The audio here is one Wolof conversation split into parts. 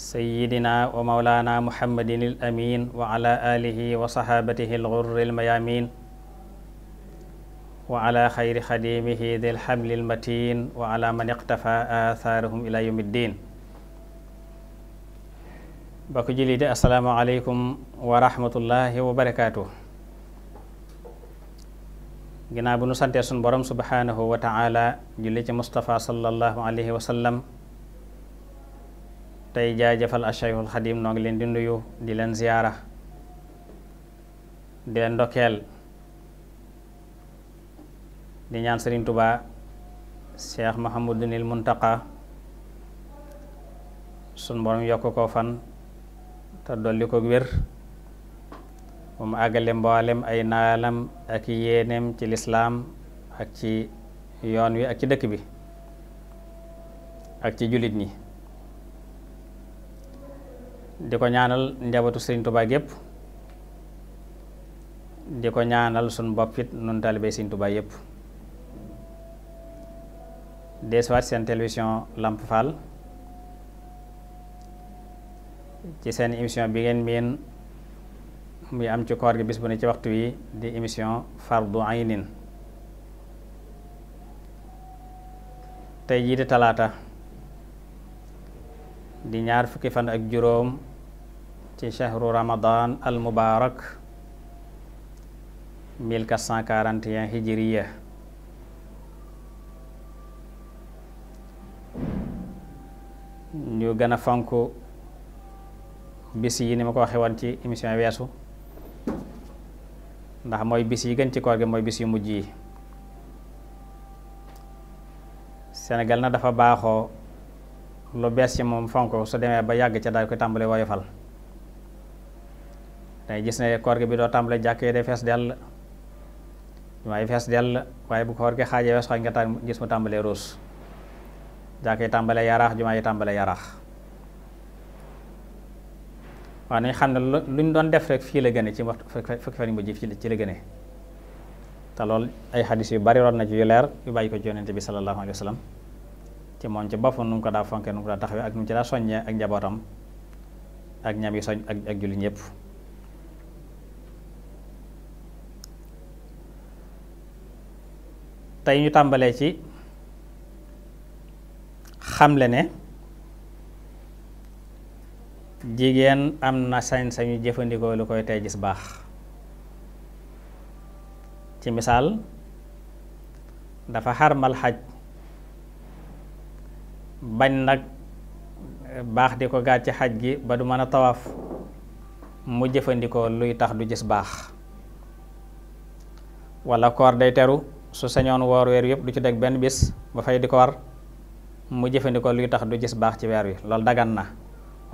sayyidina wa mawlaana muhammadin al amin wa ala alihi wa sahaabatihi al ghurri al mayamin wa ala xayri xadimihi dil xamli al matin wa ala man iqtafa athaarahum ila yawmi ddin bokk julli di assalaamu aleykum wa rahmatullahi wa barakaatuh ginnaaw bu nu santee sun borom subhanahu wa taala julli ci Mustafa sallallahu alayhi wa sallam tey jaajëfal Cheikhul Xadim noo ngi leen di nuyu di leen ziyaara di leen ndokkeel di ñaan Sëriñ Tuba Cheikh Mahamadunil Muntaqa sun borom yokk ko fan te dolli ko wér mu àggale mboolem ay naalam ak yéeneem ci lislaam ak ci yoon wi ak ci dëkk bi ak ci jullit ñi di ko ñaanal njabootu sëriñ Tuubaa gépp di ko ñaanal suñ bopp it nun taalibey sëriñ Tuubaa yépp desuwaat seen télévision Lamp Fall ci seen émission bi ngeen miin muy am ci koor gi bis bu ne ci waxtu wi di émission Fardul Hayni tey jii di talaata di ñaar fukki fan ak juróom ci chahru ramadan al mubarak 1441 hijriya ñu gën a fonk bis yi ni ma ko waxee woon ci émission weesu ndax mooy bis yi gën ci koor gi mooy bis yu mujj yi Sénégal na dafa baaxoo lu bees ci moom fonk su demee ba yàgg ca daal koy tàmbale woyofal day gis ne koor gi bi doo tàmbale jàkk yi day fees dell waaye fees dell waaye bu koor gi xaajee wees xaaj nga ta gis mu tàmbalee ruus jàkk yi tàmbalee yaraax jumaa yi tàmbalee yaraax waaw nañ xam ne lu ñu doon def rek fii la gën ci waxtu fukki fan ci la gëne ay xadis yu bari roon na ci yu leer yu bàyyi ko ci bi sallallahu alayhi wa sallam ci moom nu mu ko daa fonkee nu mu ko daa taxawee ak nu mu ci daa soññee ak njabootam ak ñam yi soñ ak ak jullit tey ñu tàmbalee ci xamle ne jigéen am na sañ-sañu jëfandikoo lu koy tey gis baax ci misaal dafa xarmal xaj bañ nag baax di ko gàcc xaj gi ba du mën a tawaaf mu jëfandikoo luy tax du gis baax walla koor day teru su señoon woor weer yëpp du ci teg benn bis ba fay di ko war mu jëfandikoo luy tax du gis baax ci weer wi lool dagan na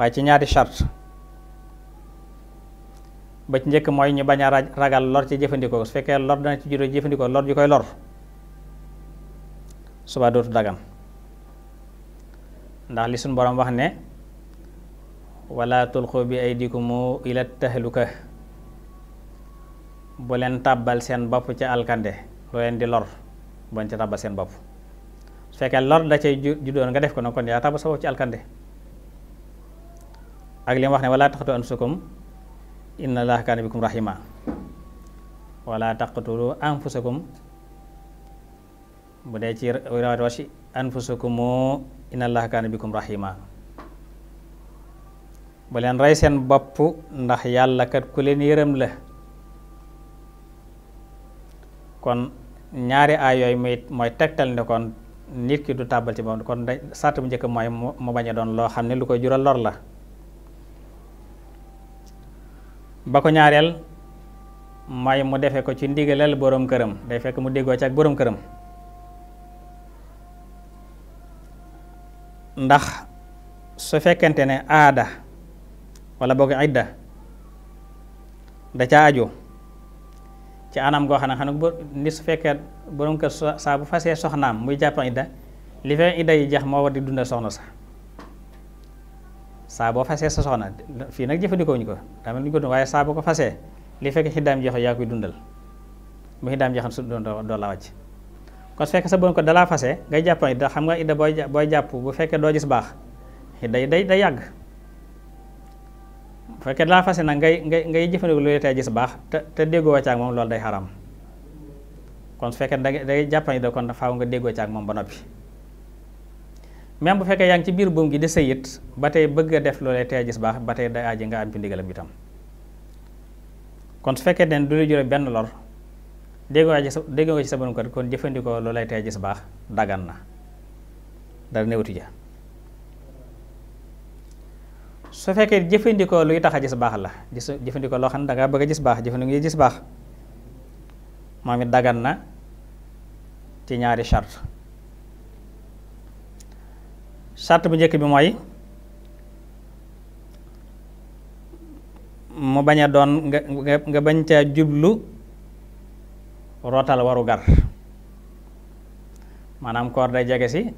waaye ci ñaari charte ba njëkk mooy ñu bañ a ragal lor ci jëfandikoo su fekkee lor dana ci juddoo jëfandikoo lor ju koy lor suba dootu dagan ndax li suñ borom wax ne wala tulqu bi aydikum ila tahluka bu leen tàbbal seen bopp ca alkande lu leen di lor bañ ci tabba seen bopp su fekkee lor da cay juddoon nga def ko nag kon yaa tabba sa bopp ci alkande ak li wax ne wala taqtulu anfusakum inna allaha kaana bikum rahima wala taqtulu anfusakum bu dee ci rawat washi anfusakumu inna allaha kaana bikum rahima bu leen rey seen bopp ndax yàlla kat ku leen yërëm la kon ñaari aay yooyu muy mooy tegtal ne kon nit ki du tàbbal ci moom kon sart bu njëkk mooy mu bañ a doon loo xam ne lu koy jural lor la ba ko ñaareel mooy mu defee ko ci ndigalal boroom këram day fekk mu déggoo ci ak këram ndax su fekkente ne aada wala boog idda da ca aju ci anam goo xam ne xam ne nit su fekkee borom kër saa bu fasee soxnaam muy jàpp idda li fee idda yi jeex moo war di dundal soxna sax saa boo fasee sa soxna fii nag jëfandikoo ñu ko dama lu ñu ko dund waaye saa boo ko fasee li fekk xiddaam jeexu yaa koy dundal mu xiddaam jeexam su doon doo la wàcc kon su fekkee sa borom ko dalaa fase ngay jàpp idda xam nga idda booy booy jàpp bu fekkee doo gis baax idda yi day day yàgg fekkee laa fas na ngay ngay ngay jëfandikoo lu tey gis baax te te déggoo ca ak moom loolu day xaram kon su fekkee da ngay jàpp kon faaw nga déggoo ca ak moom ba noppi même bu fekkee yaa ngi ci biir buum gi di sëyit ba tey bëgg a def loolee tey gis baax ba tey day aji nga am ci ndigalam itam su fekkee ne du lu jure benn lor déggoo ci sa déggoo ci sa borom kër kon jëfandikoo loolee tey gis baax dagan na dara newutu ja su fekkee jëfandikoo luy tax a gis baax la gis jëfandikoo loo xam ne da ngaa bëgg a gis baax jëfandikoo ngi gis baax moom it dagan na ci ñaari charte charte bu njëkk bi mooy mu bañ a doon nga nga bañ caa jublu rotal waru gar maanaam koor day jege si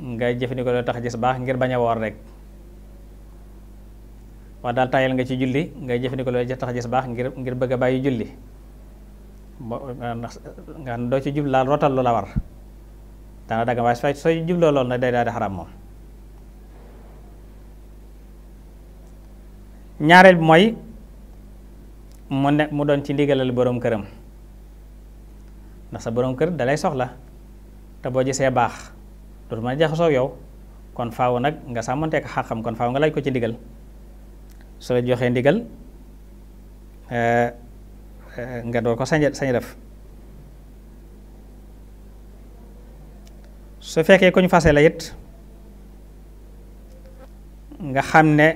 nga jëfandikoo loo tax a gis baax ngir bañ a woor rek waa daal tayal nga ci julli ngay jëfandikoo loolu tax gis baax ngir ngir bëgg a bàyyi julli nga xam doo ci jub laal rotal lu la war daana dagg waaye day daal di moom ñaareel bi mooy mu doon ci ndigalal boroom këram ndax sa boroom kër dalay soxla te boo gisee baax dootu mën a jaxasoo yow kon faaw nag nga sàmmanteek xam kon faaw nga laaj ko ci ndigal su la joxee ndigal eh, eh, nga doo ko sañ sañ def su fekkee ku ñu fase la it nga xam ne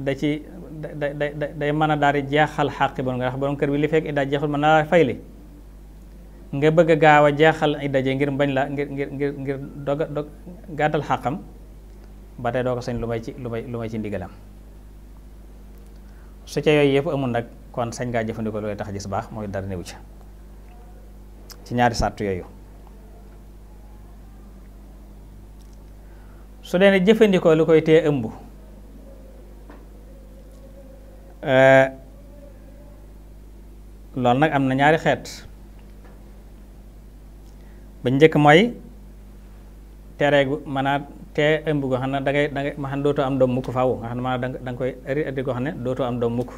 da ci da da day mën a daal di jeexal xàq bon nga xam borom kër bi li fekk iddaa jeexul ma naa laa fay li nga bëgg a gaaw a jeexal iddaa je ngir bañ la ngir ngir ngir ngir doga dog gàttal xàqam ba tey doo ko sañ lu may ci lu may lu ci ndigalam su ca yooyu yëpp amul nag kon sañ ngaa jëfandikoo looy tax gis baax mooy dara néew ci ci ñaari sàtt yooyu su dee ne jëfandikoo lu koy tee ëmb eh, loolu nag am na ñaari xeet ba njëkk mooy tere manaat te ëmb goo xam ne dangay dangay ma xam ne dootoo am doom mukk faaw nga xam ne danga koy ëri ëri goo ne dootoo am doom mukk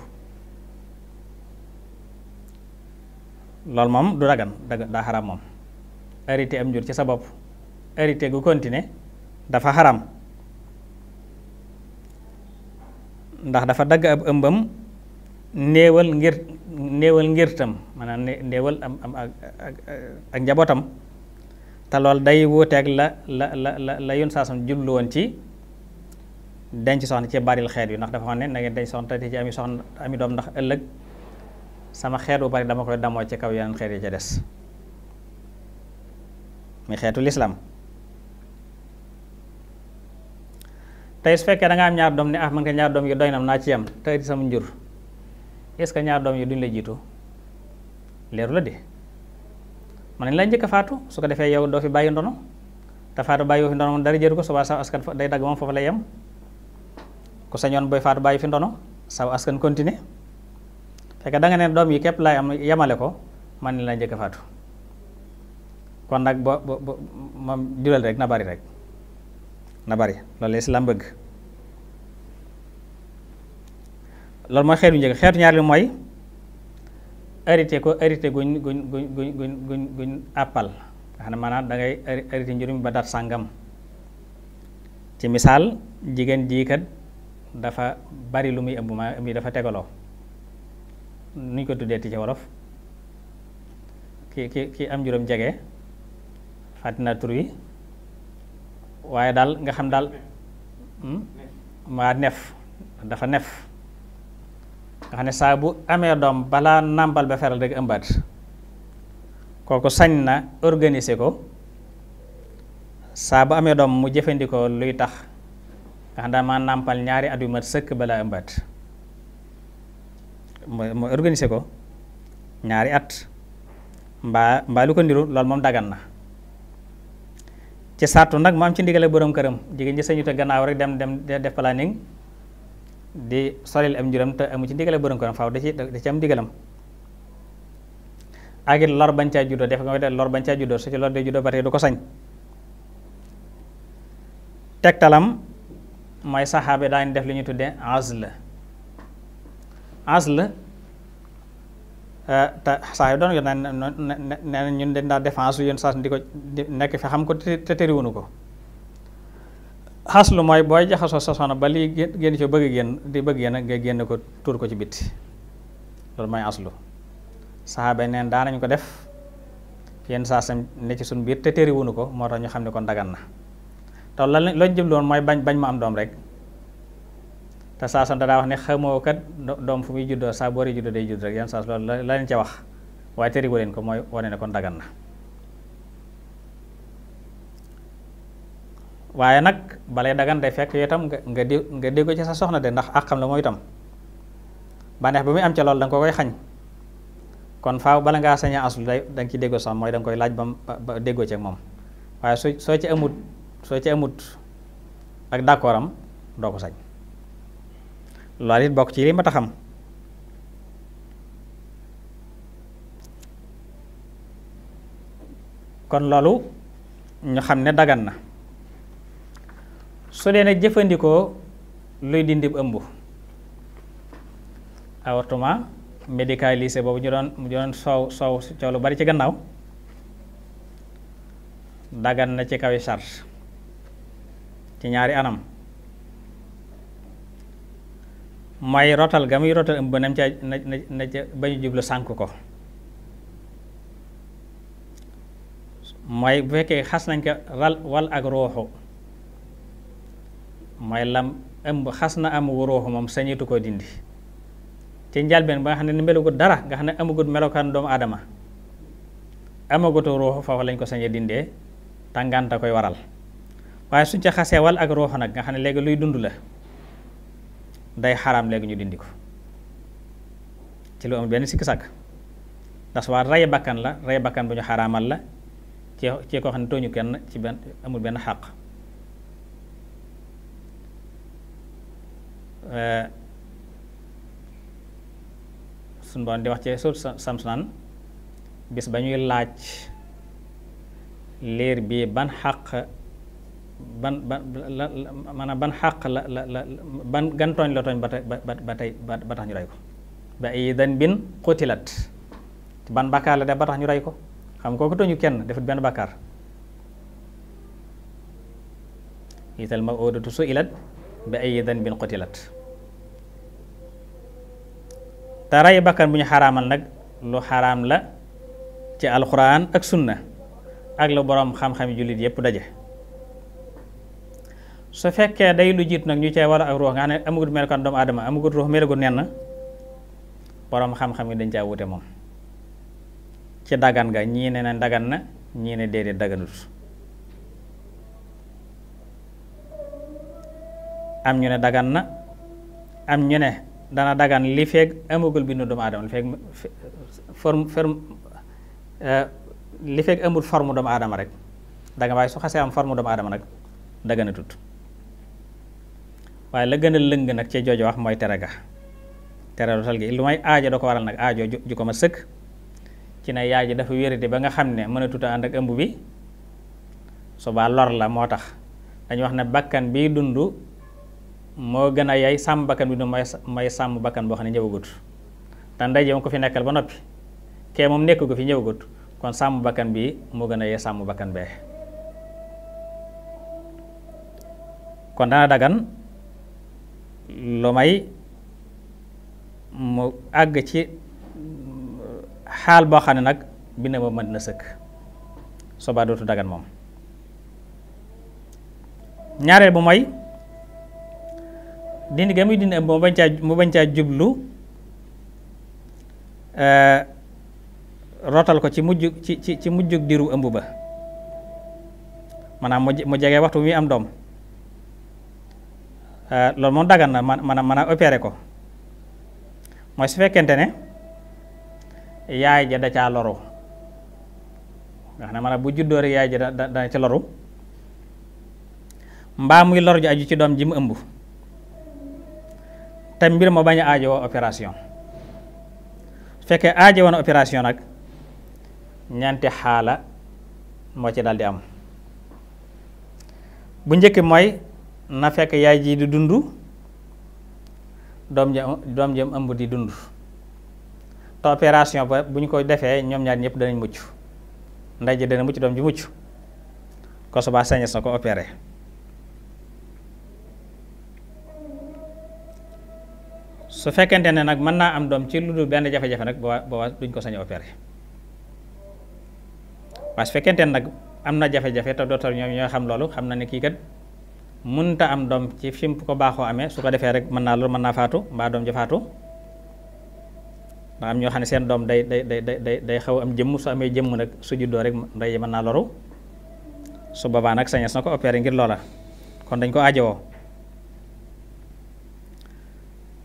loolu moom du dagan daa xaram moom ërite am njur ci sa bopp ërite gu continuer dafa xaram ndax dafa dagg ab ëmbam néewal ngir néewal ngir tam maanaam néewal am am ak ak njabootam te loolu day wuuteeg la la la la la yoon saa sam jublu woon ci denc soxna ci baril xeet wi ndax dafa xam ne na ngeen denc soxna te ci ami soxna ami doom ndax ëllëg sama xeet bu bari dama koy damoo ci kaw yeneen xeet yi ca des muy xeetu lislaam tey su fekkee da nga am ñaar doom ni ah man ko ñaar doom yi doy na naa ci yam te sama njur est-ce que ñaar doom yi duñ la jiitu leeru la de mën nañ laa njëkk a faatu su ko defee yow doo fi bàyyi ndono te faatu bàyyi fi ndono dara jëru ko subaa saw askan day dagg moom foofu lay yem ku sañoon booy faatu bàyyi fi ndono saw askan continuer fekk da nga ne doom yi képp laay am yemale ko mën nañ laa njëkk a faatu kon nag bo bo moom jural rek na bari rek na bari loolu islam bëgg loolu mooy xeetu njëkk xeetu ñaar li mooy arité ko arité guñ guñ guñ guñ guñ guñ àppal nga xam ne maanaam da ngay arité njurum ba dat sàngam ci misaal jigéen jiikat dafa bari lu muy ëmb ma mi dafa tegaloo nuñ ko tuddee ti ci wolof ki ki ki am juróom jege fàttina tur wi waaye daal nga xam daal maa hmm? nef dafa nef nga xam ne saa bu amee doom balaa nàmpal ba feral rek ëmbaat kooku sañ na organise ko saa bu amee doom mu jëfandikoo luy tax nga xam dama nàmpal ñaari at yu ma sëkk balaa ëmbaat mu organiser ko ñaari at mbaa mbaa lu ko niru loolu moom dagan na ci sartu nag mu am ci ndigale borom këram jigéen ñi sañu te gannaaw rek dem dem def planning di soril am njuram te amu ci ndigale borom këram faaw da ci da ci am ndigalam ak it lor bañ caa juddoo def nga ko lor bañ caa juddoo su ci lor dee juddoo ba tey du ko sañ tegtalam mooy daa daañu def li ñu tuddee azl la te saxaabe doon nga naan nee na ñun dañ daa défense yéen saa di ko nekk fi xam ko te te tëriwunu ko. xaslu mooy booy jaxasoo sa soxna ba lii génn ci bëgg génn di bëgg génn nga génn ko tuur ko ci bitti loolu mooy aslu saxaaba neen daa nañ ko def yenn saa sam ne ci suñ biir te téeriwunu ko moo tax ñu xam ne kon daggan na te lan lañ jubloon mooy bañ bañ ma doom rek te saa sam daa wax ne xamoo kat doom fu muy juddoo saa boori juddoo day judd rek yenn saa loolu la la leen ca wax waaye téeriwu leen ko mooy wane ne kon dagan na waaye nag balay dagan day fekk yow itam nga nga déggoo ci sa soxna de ndax ak xam la mooy itam bànneex ba muy am ca loolu da ko koy xañ kon faaw bala ngaa sañ a aslu day da nga ciy déggoo sax mooy da koy laaj ba ba déggoo ci ak moom waaye soo soo ci amut soo ci amut ak d'accord am doo ko sañ loolu it bokk ci ma taxam kon loolu ñu xam ne dagan na su dee nag jëfandikoo luy dindi ëmb avortement médicalisé boobu ñu doon ñu doon soow soow coow lu bari ci gannaaw dagan na ci kaw yi charge ci ñaari anam mooy rotal ga muy rotal ëmb nam ca na na ca ba ñu jublu sànk ko mooy bu fekkee xas nañ ko ral wal ak ruuxu mooy lam ëmb xas na am wuruuxu moom sañitu ko dindi ci njalbeen ba nga xam ne ni melugut dara nga xam ne amagut melokaan doomu aadama amagut ruuxu lañ ko sañee dindee tànganta koy waral waaye suñ ca xasee wal ak ruuxu nag nga xam luy dund la day xaraam léegi ñu dindi ko ci lu benn sikk sàkk ndax bakkan la rey bakkan bu ñu xaraamal la ci ci ne tooñu kenn ci benn amul benn xàq Eh, suñu boon di wax ci suuf samsunaan bis ba ñuy laaj liir bi ban xàq ban ban maanaam ban xaq la la la ban gan tooñ la tooñ ba tey ba tax ñu rey ko ba ay bin xutilat ban bàkkaar la def ba tax ñu rey ko xam kooku tooñu kenn defut benn bàkkaar ital ma odatu su ilat bi ay danbin qutilat te rey bakkan bu ñu xaraamal nag lu xaraam la ci alxuraan ak sunna ak lu boroom xam-xami jullit yépp daje su fekkee day lu jiit nag ñu cee war ak ruux nga xam ne amagut melokaan doomu aadama amagut ruux melagut nenn boroom xam-xam yi dañ caa wute moom ci daggan ga ñii ne na dagan na ñii ne déedéet daganut am ñu ne na am ñu ne dana dagan li feeg amagul bindu doomu aadama li feeg euh, forme forme li aadama rek dagan waaye su xasee am forme doomu aadama nag dagana tut waaye la gën a lëng nag ci jooju wax mooy tere ga tere lu tal gi lu may aajo da ko waral nag aajo ju ko ma sëkk ci ne yaay ji dafa wéradi ba nga xam ne mën a tuta ànd ak ëmb bi su lor la moo tax dañu wax ne bakkan bi dund moo gën a yaay sàmm bakkan bi nu may may sàmm bakkan boo xam ne ñëwagut te ndaje ma ko fi nekkal ba noppi kee moom nekk ko fi ñëwagut kon sàmm bakkan bi moo gën a yaay sàmm bakkan bee kon dana dagan lu may mu àgg ci xaal boo xam ne nag bind ma mën na sëkk soobaa dootu dagan moom ñaareel bu may dindi ga muy dindi mu bañ caa mu bañ caa jublu eh, rotal ko ci mujj ci ci ci mujjug diru ëmb ba maanaam mu jege waxtu wi am doom eh, loolu moom dagan na man man a opéré ko mooy su fekkente ne yaay ja da caa loro nga xam ne maanaam bu juddoo rek yaay ja da da ci loru mbaa muy lor ju aju ci doom ji mu ëmb. te mbir ma bañ a aajowoo opération su fekkee aajowoon na opération nag ñeenti xaala moo ci daal di am bu njëkk mooy na fekk yaay ji di dund doom ja doom jëm ëmb di dund te opération ba bu ñu ko defee ñoom ñaar ñëpp danañ mucc ndey ji dana mucc doom ji mucc ko subaa sañes na ko opéré su fekkente ne nag mën naa am doom ci lu dul benn jafe-jafe nag boobaa boobaa duñ ko sañ a opéré waaye su fekkente ne nag am na jafe-jafe te docteur ñoo xam loolu xam na ne kii kat mënta am doom ci fi ko baaxoo amee su ko defee rek mën naa loolu mën naa faatu mbaa doom ja faatu ñoo xam ne seen doom day day day day day xaw am jëmm su amee jëmm nag su juddoo rek ndey mën naa loru su boobaa nag sañes na ko opéré ngir loola kon dañ ko aajowoo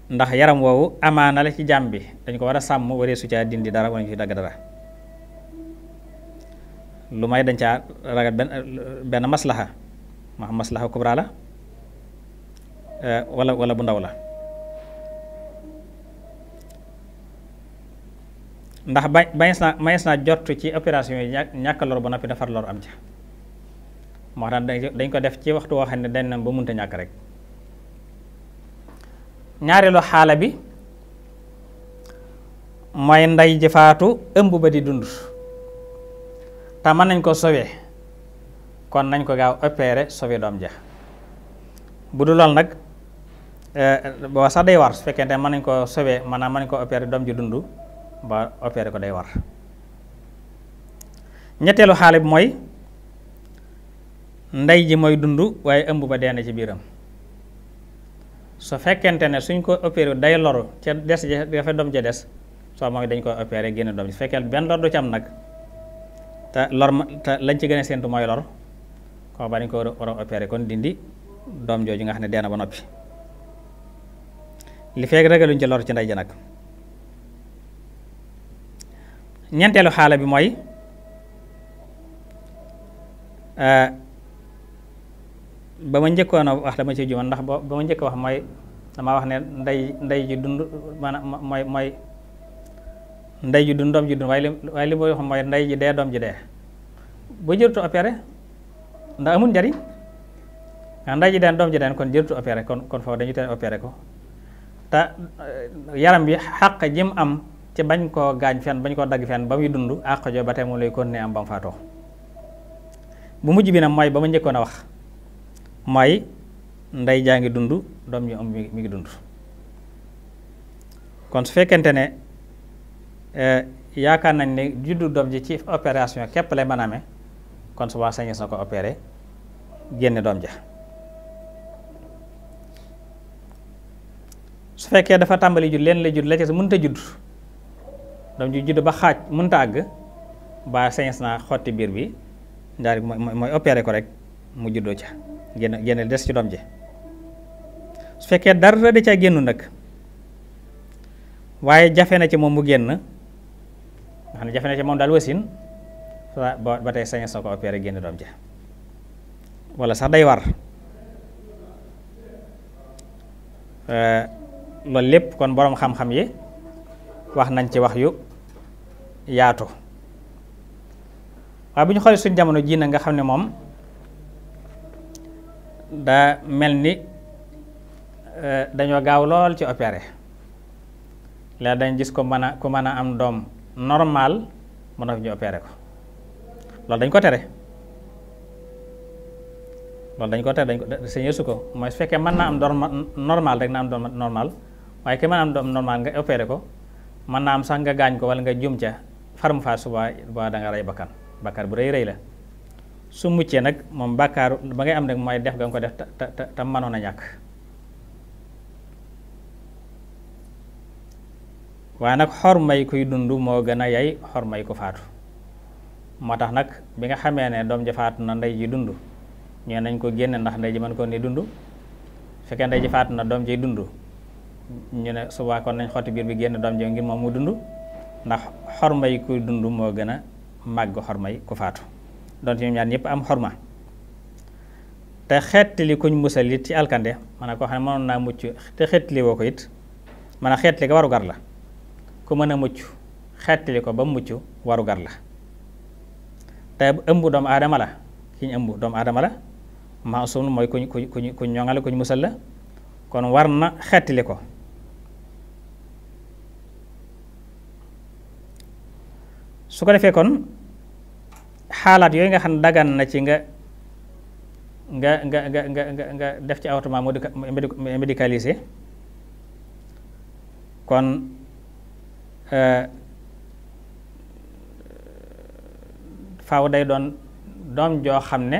ndax yaram woowu amaana la ci jàmm bi dañ ko war a sàmm waree su caa dindi dara wala ñu ci dagg dara lu may dañ caa ragal benn benn maslaxa ma xam maslaxa kubra la eh, wala wala bu ndaw la ndax ba bañes naa mañes naa jortu ci opération yi ñàkk lor ba noppi defar lor am ca moo tax dañ ko def ci waxtu woo xam ne dañ na ba munta ñàkk rek ñaareelu xaala bi mooy ndey jëfaatu ëmb ba di dund te mën nañ ko sauvé kon nañ ko gaaw opéré sauvé doom ja bu du lool nag eh, boo sax day war su fekkente mën nañ ko sauvé maanaam mën nañ ko opéré doom ji dund ba opéré ko day war ñetteelu xaala bi mooy ndey ji mooy dund waaye ëmb ba dee na ci biiram su fekkente ne suñ ko opéré day loru ca des dafa doom ca des soo mooy dañ koy opéré génn doom su fekkee benn lor du ci nag te lor ma te lañ ci gën a séntu mooy lor kooku ba dañ ko war a opéré kon dindi doom jooju nga xam ne dee na ba noppi li fekk ragaluñ ci lor ci ndey ji nag ñeenteelu xaala bi mooy euh, ba ma njëkkoon a wax dama ci juman ndax ba ma njëkk a wax mooy damaa wax ne ndey nday ji dund maanaam mooy mooy ndey ji dund ji dund ma wax ji dee doom ji dee bu jërtu opéré ndax amul njariñ ndax ndey ji deen doom ji deen kon jërtu opéré kon kon foofu dañu teen opéré ko te eh, yaram bi xàq jim am ci bañ koo gaañ fenn bañ koo dagg fenn ba muy dund àq joo ba tey moom lay kon ne am ba mu faatoo bu mujj bi nag mooy ba ma njëkkoon a wax may ndey jaa ngi dund doom ji am mi ngi dund kon su fekkente ne eh, yaakaar nañ ne juddu doom ji ci opération képp lay mën kon su waa sañees na ko opéré génne doom ja su fekkee dafa tàmbali judd leen la judd la ca mënut a judd doom ji judd ba xaaj mënut a àgg ba sañees naa xotti biir bi ndaari mooy opéré ko rek mu juddoo ca génn génn li des ci doom ji su fekkee dara da ca génn nag waaye jafe na ci moom mu génn nga xam ne jafe na ci moom daal wasin ba ba tey sañes soo ko opéré génn doom ja walla sax day war loolu lépp kon boroom xam-xam yi wax nañ ci wax yu yaatu waaye bu ñu xoolee suñ jamono jii na nga xam ne moom daa mel ni eh, dañoo gaaw lool ci opéré la dañ gis ko mën a ku mën a am doom normal mën a fi ñu opéré ko loolu dañ ko tere loolu dañ ko tere dañ ko sañee su ko mooy su fekkee mën naa am doom normal rek na am doom normal waaye ki mën a am doom normal nga opéré ko mën naa am sax nga gaañ ko wala nga jum ca farmu faa suba ba rey bakkan bakkan bu rëy rëy la su muccee nag moom bàkkaaru ba ngay am nag mooy def ga nga ko def te te te mënoon a ñàkk waaye nag xormay kuy dund moo gën a yay may ku faatu moo tax nag bi nga xamee ne doom ji faatu na ndey ji dund ñee nañ ko génne ndax ndey ji mën ko ni dund fekkee ndey ji faatu na doom ji dund ñu ne subaa kon nañ xotti biir bi génn doom ji ngir moom mu dund ndax xormay kuy dund moo gën a màgg xormay ku faatu doon ci ñoom ñaar ñëpp am xorma te xeetli kuñ musal it ci alkande maanaam koo xam ne mënoon naa mucc te xeetli woo ko it maanaam xeetli ko warugar la ku mën a mucc xeetli ko ba mu mucc warugar la te ëmb doomu aadama la ki ñu ëmb doomu aadama la maa maasum mooy kuñ kuñ kuñ kuñ ñoŋal kuñ musal la kon war na xeetli ko su ko defee kon xaalaat yooyu nga xam ne dagan na ci nga nga nga nga nga nga def ci avortement médicalisé kon euh, faw day doon doom joo xam ne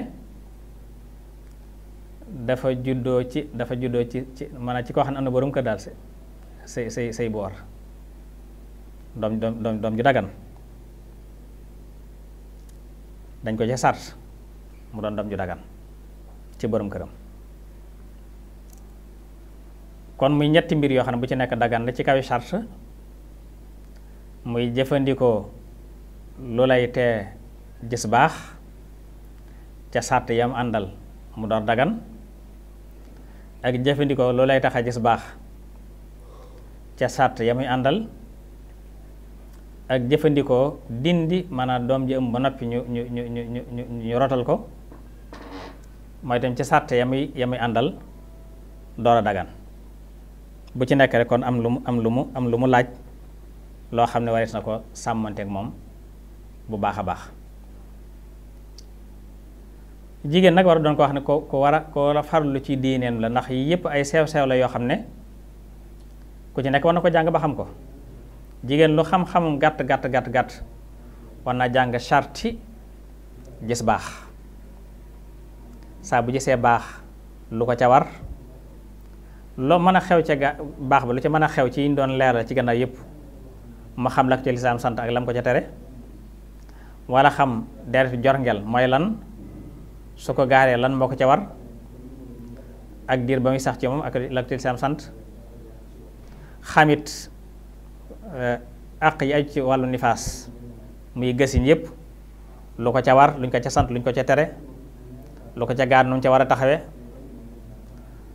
dafa juddoo ci dafa juddoo ci ci maanaam ci koo xam ne am na borom kër daal say say say boor doom doom doom ju dagan dañ ko ca sart mu doon dam ju dagan ci borom këram kon muy ñetti mbir yoo xam ne bu ci nekk dagan la ci kaw sart muy jëfandikoo lu lay tee gis baax ca sart yam àndal mu doon dagan ak jëfandikoo lu lay tax a gis baax ca sart yamuy àndal ak jëfandikoo dindi maanaam doom ji ëmb ba noppi ñu ñu ñu ñu ñu ñu ko mooy tam ci sàtte ya muy àndal door a dagan bu ci nekk rek kon am lu mu am lu mu am lu mu laaj loo xam ne warees na ko sàmmanteek moom bu baax a baax jigéen nag war a doon ko wax ne ko ko war a ko war a farlu ci diineem la ndax yii yëpp ay sew sew la yoo xam ne ku ci nekk war na ko jàng ba xam ko jigéen lu xam-xamam gàtt gàtt gàtt gàtt war na jàng charti gis baax saa bu gisee baax lu ko ca war loo mën a xew ca ga baax bi lu ca mën a xew ci yiñ doon leeral ci gannaaw yépp ma xam la ko ci sant ak lam ko ca tere wala xam deret jorngel mooy lan su ko gaaree lan moo ko ca war ak diir ba muy sax ci moom ak la ko ci sant xamit Eh, àq yi aju ci wàllu nifaas muy gësin yëpp lu ko ca war luñ ko ca sant luñ ko ca tere lu ko ca gaar nu ca war a taxawe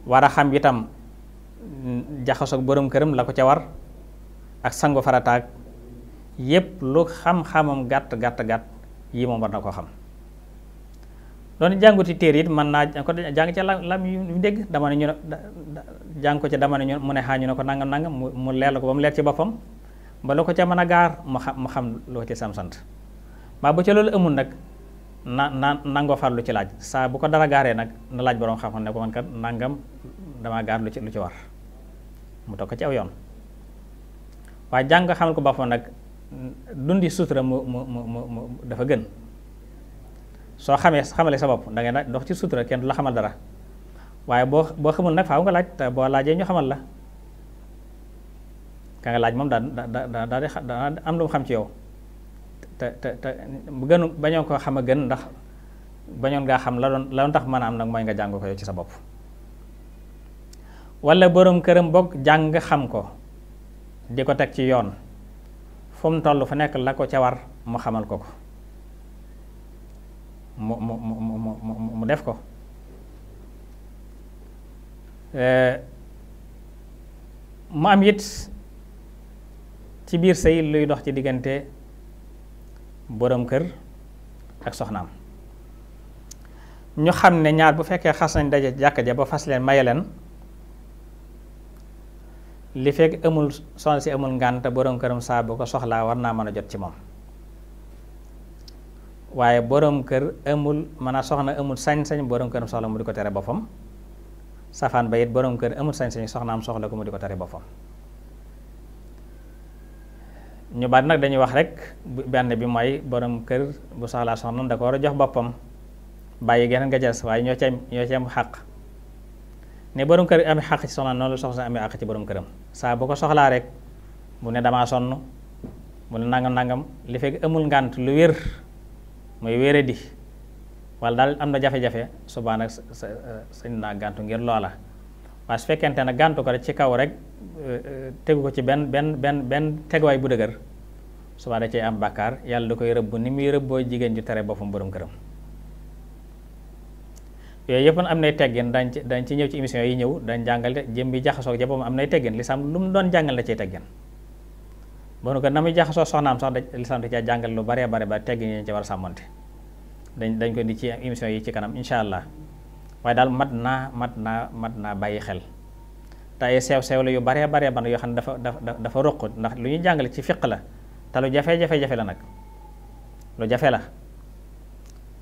war a xam itam jaxasoog borom këram la ko ca war ak sangu farataag yëpp lu xam-xamam gàtt gàtt gàtt yii moom war na ko xam loolu jànguti téere it mën naa ko jàng ca lam yu dégg dama ne ñu jàng ko ca dama ne ñu mu ne xaa ñu ne ko nangam nangam mu leer la ko ba mu leer ci boppam ba la ko ca mën a gaar mu xam mu xam loo ci sam sant maa ba ca loolu amul nag na na nangoo farlu ci laaj saa bu ko dara gaaree nag na laaj boroom xam-xam ne ko man kat nangam damaa gaar lu ci lu ci war mu toog ko ci aw yoon waaye jàng nga xamal ko ba foofu nag dundi sutura mu mu mu mu dafa gën soo xamee xamale sa bopp da ngay dox ci sutura kenn du la xamal dara waaye boo boo xamul nag faaw nga laaj te boo laajee ñu xamal la. ka nga laaj moom daa daa daa daa am lu mu xam ci yow te te te bu gënu bañoo ko xam a gën ndax bañoon ngaa xam la doon la doon tax mën a am nag mooy nga jàng ko yow ci sa bopp walla boroom këram bokk jàng xam ko di ko teg ci yoon fu mu fa nekk la ko ca war mu xamal ko ko mu mu mu mu mu def ko eh, mu am it ci biir sëy luy dox ci diggante boroom kër ak soxnaam ñu xam ne ñaar bu fekkee xas nañ daje jàkka ja ba fas leen maye leen li fekk amul soxna si amul ngànt borom këram saa ko soxlaa war naa mën a jot ci moom waaye borom kër amul mën a soxna amul sañ-sañ borom këram soxla mu di ko tere boppam safaan ba it borom kër amul sañ-sañ soxnaam soxla ko mu di ko tere boppam ñu bari nag dañuy wax rek benn bi mooy borom kër bu soxlaa soxnaam da ko a jox boppam bàyyi geneen nga jas waaye ñoo ci am ñoo ci am xàq ne borom kër amee xàq ci soxnaam noonu la soxna amee xàq ci borom këram saa bu ko soxlaa rek bu ne damaa sonn mu ne nangam nangam li fekk amul ngant lu wér muy wére di wala daal am na jafe-jafe subaa nag sañ naa gàntu ngir loola waaye su fekkente ne gàntu ko rek ci kaw rek. Euh, tegu ko ci benn benn benn benn teguwaay bu dëgër subaa da cay am bàkkaar yàlla da koy rëbb ni muy rëbboo jigéen ju tere boppam borom këram yooyu yëpp nay teggin dañ ci dañ ci ñëw ci émission yi ñëw dañ jàngale jëm bi jaxasoo ak jàppam am nay teggin lislaam lu mu doon jàngal la cay teggin bonu na muy jaxasoo soxnaam sax da lislaam da caa jàngal lu bare bare ba teggin yi ci war a dañ dañ ko di ci émission yi ci kanam incha allah waaye daal mat naa mat naa mat naa bàyyi xel tey sew-sew la yu baree baree ban yoo xam ne dafa dafa dafa ruq ndax lu ñuy jàngale ci fiq la te lu jafe-jafe-jafe la nag lu jafe la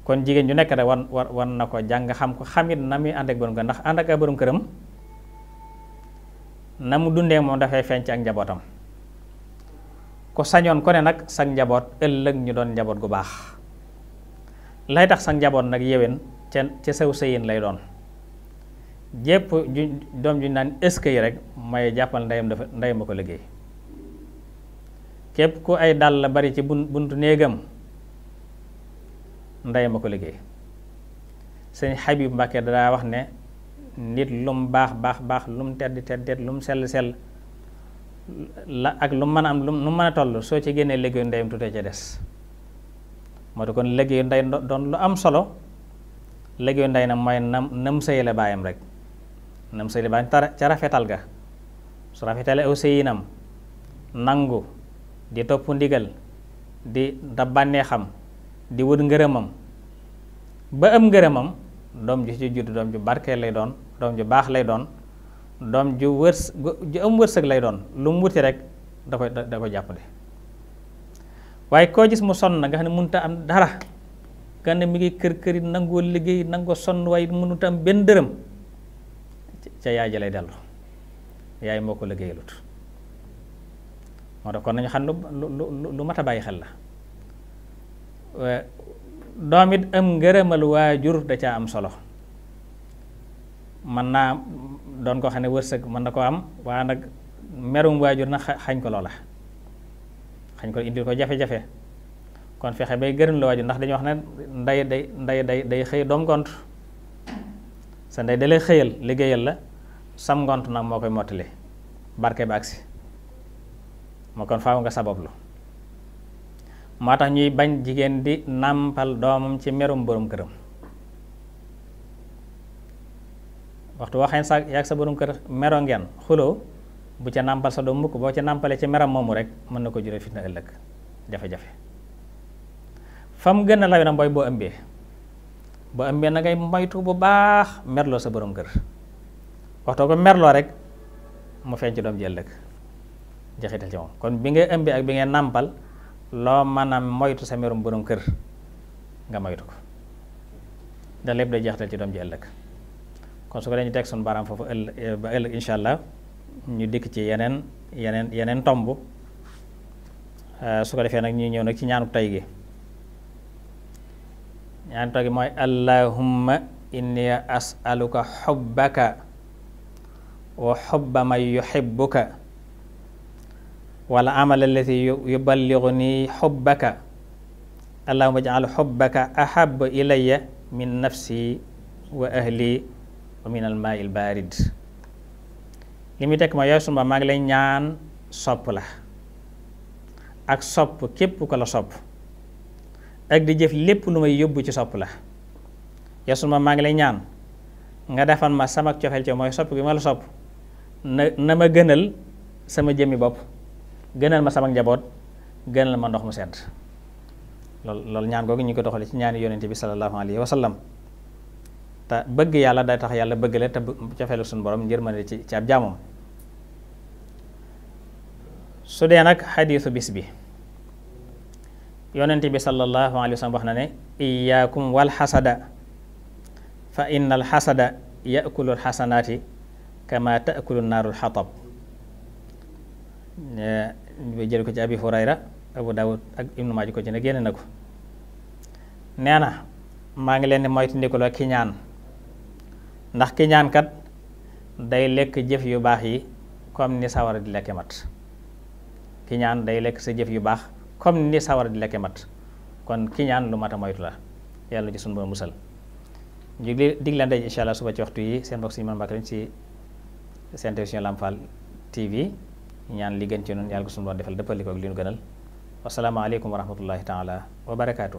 kon jigéen ju nekk rek war war war na ko jàng xam ko xamit na muy ànd ak borom këram ndax këram na mu dundee moom dafay feeñ ci ak njabootam ko sañoon ko ne nag sag njaboot ëllëg ñu doon njaboot gu baax lay tax sag njaboot nag yéwén ca ca sew sëyin lay doon jépp ju doom ju naan est-ce que yi rek may jàppal ndeyam dafa ndeyam a ko liggéey képp ku ay dàll la bari ci buntu néegam ndeyam a ko liggéey sëñ Habib Mbàkke daa wax ne nit lum baax baax baax lum tedd tedd tedd lum sell sell la ak lu mën a am lu mu a toll soo ci génnee liggéeyu ndeyam tuutee ca des moo tax kon liggéeyu ndey doon lu am solo liggéeyu ndey na mooy nam nam sëyale baayam rek nam sëli baan ca rafetal ga su rafetale aw sëyinam nangu di topp ndigal di dab bànneexam di wut ngërëmam ba am ngërëmam doom ju ci judd doom ju barkeel lay doon doom ju baax lay doon doom ju wërs ju am wërsëg lay doon lu mu wuti rek da koy da koy jàppale waaye koo gis mu sonn nga xam ne mënut am dara nga ne mu ngi kër kër nangoo liggéey nangoo sonn waaye mënut a am benn dërëm ca yaay ji lay dellu yaay moo ko liggéeyalut moo tax kon nañu xam lu lu lu mat a bàyyi xel la doom it am ngërëmal waajur da caa am solo mën naa doon ko xam ne wërsëg mën na ko am waaye nag merum waajur na xañ ko loola xañ ko indil ko jafe-jafe kon fexe bay gërëm la waajur ndax dañuy wax ne nday day nday day day xëy doom gont sa nday da xëyal liggéeyal la sam ngont nag moo koy mottali barke ba agsi moo kon faaw nga sabablu moo tax ñuy bañ jigéen di nàmpal doomam ci merum borom këram waxtu waxeen sa yàgg sa borom kër meroo ngeen xuloo bu ca nàmpal sa doom mukk boo ca nàmpalee ci meram moomu rek mën na ko jure fitna ëllëg jafe-jafe fam gën a lawi na mbooy boo ëmbee boo ëmbee na ngay moytu bu baax merloo sa borom kër waxtoo ko merloo rek mu feeñ ci doom ji ëllëg jaxital ci moom kon bi nga ëmbi ak bi nga nàmpal loo mën a moytu sa merum borom kër nga moytu ko ndax lépp day jaxital ci doom ji ëllëg kon su ko teg suñu baaraam foofu ëllëg ba ëllëg ñu dikk ci yeneen yeneen yeneen tomb su ko defee nag ñuy ñëw nag ci ñaanu tay gi ñaanu tay mooy allahumma inni as'aluka hubbaka wa xubba man yuxibuka wal amal allati yuballiguni xobbaka allahuma jaal xubbaka ahab ilaya min nafsi wa ahli wa min almaa il barid li muy tekk ma suma maa ngi lay ñaan sopp la ak sopp képp ko la sopp ak di jëf lépp lu may yóbbu ci sopp la yooyu suma maa ngi lay ñaan nga defan ma sama cofeel ci mooy sopp gi ma la sopp na na ma gënal sama jëmmi bopp gënal ma sama njaboot gënal ma ndox mu sedd loolu loolu ñaan googu ñu ko doxalee ci ñaani yonente bi sallallahu alayhi wa te bëgg yàlla day tax yàlla bëgg la te cofeelu suñu borom njërmande ci ci ab jaamam su dee nag xadiisu bis bi yonente bi sallallahu alayhi wa sallam wax na ne iyaakum wal xasada fa innal xasada yaakulu alxasanaati kama taakulu naaru xatab ñu jël ko ci abi hurayra abu dawud ak ibnu maaji ko ci ne génn na ko nee na maa ngi leen di moytandikuloo ki ñaan ndax ki ñaan kat day lekk jëf yu baax yi comme ni sawar di lekke mat ki day lekk sa jëf yu baax comme ni sawar di lekk mat kon ki ñaan lu mat a moytu la yàlla ci sunu borom musal ñu digle ndaje incha allah suba ci waxtu yi seen mbokk si man Mbacke lañ si seen télévision Lamp Fall TV ñaan li gën ci noonu yàlla ko suñu doon defal dëppale ko ak li ñu gënal wasalaamaaleykum wa rahmatullahi taala wa barakaatu.